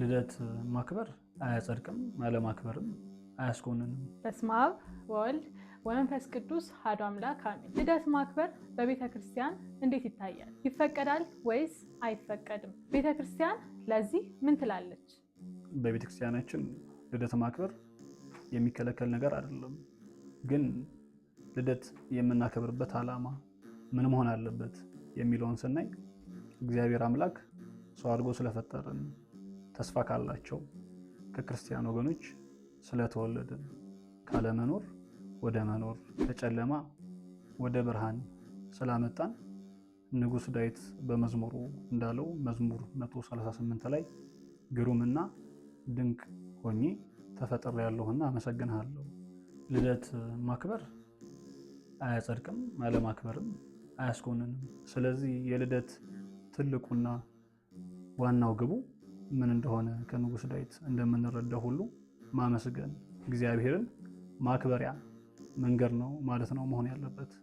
ልደት ማክበር አያጸድቅም፣ አለማክበርም አያስኮንንም። በስመ አብ ወወልድ ወመንፈስ ቅዱስ አሐዱ አምላክ አሜን። ልደት ማክበር በቤተ ክርስቲያን እንዴት ይታያል? ይፈቀዳል ወይስ አይፈቀድም? ቤተ ክርስቲያን ለዚህ ምን ትላለች? በቤተ ክርስቲያናችን ልደት ማክበር የሚከለከል ነገር አይደለም። ግን ልደት የምናከብርበት ዓላማ ምን መሆን አለበት የሚለውን ስናይ እግዚአብሔር አምላክ ሰው አድርጎ ስለፈጠረን ተስፋ ካላቸው ከክርስቲያን ወገኖች ስለተወለደ ካለመኖር ወደ መኖር ከጨለማ ወደ ብርሃን ስላመጣን ንጉሥ ዳዊት በመዝሙሩ እንዳለው መዝሙር 138 ላይ ግሩምና ድንቅ ሆኜ ተፈጥሬያለሁና አመሰግንሃለሁ። ልደት ማክበር አያጸድቅም፣ አለማክበርም አያስኮንንም። ስለዚህ የልደት ትልቁና ዋናው ግቡ ምን እንደሆነ ከንጉሥ ዳዊት እንደምንረዳው ሁሉ ማመስገን እግዚአብሔርን ማክበሪያ መንገድ ነው ማለት ነው መሆን ያለበት።